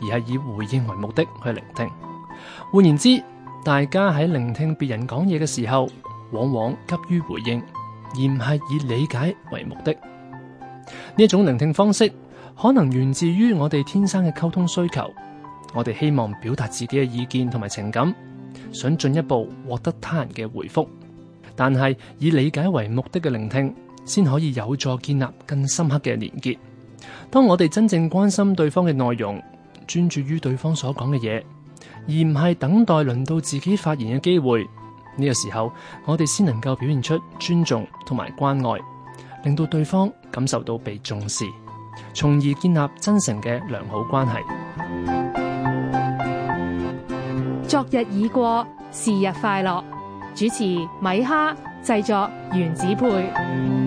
而係以回應為目的去聆聽，換言之，大家喺聆聽別人講嘢嘅時候，往往急於回應，而唔係以理解為目的。呢種聆聽方式，可能源自於我哋天生嘅溝通需求。我哋希望表達自己嘅意見同埋情感，想進一步獲得他人嘅回覆。但係以理解為目的嘅聆聽，先可以有助建立更深刻嘅連結。當我哋真正關心對方嘅內容。專注於對方所講嘅嘢，而唔係等待輪到自己發言嘅機會。呢個時候，我哋先能夠表現出尊重同埋關愛，令到對方感受到被重視，從而建立真誠嘅良好關係。昨日已過，是日快樂。主持米哈，製作原子配。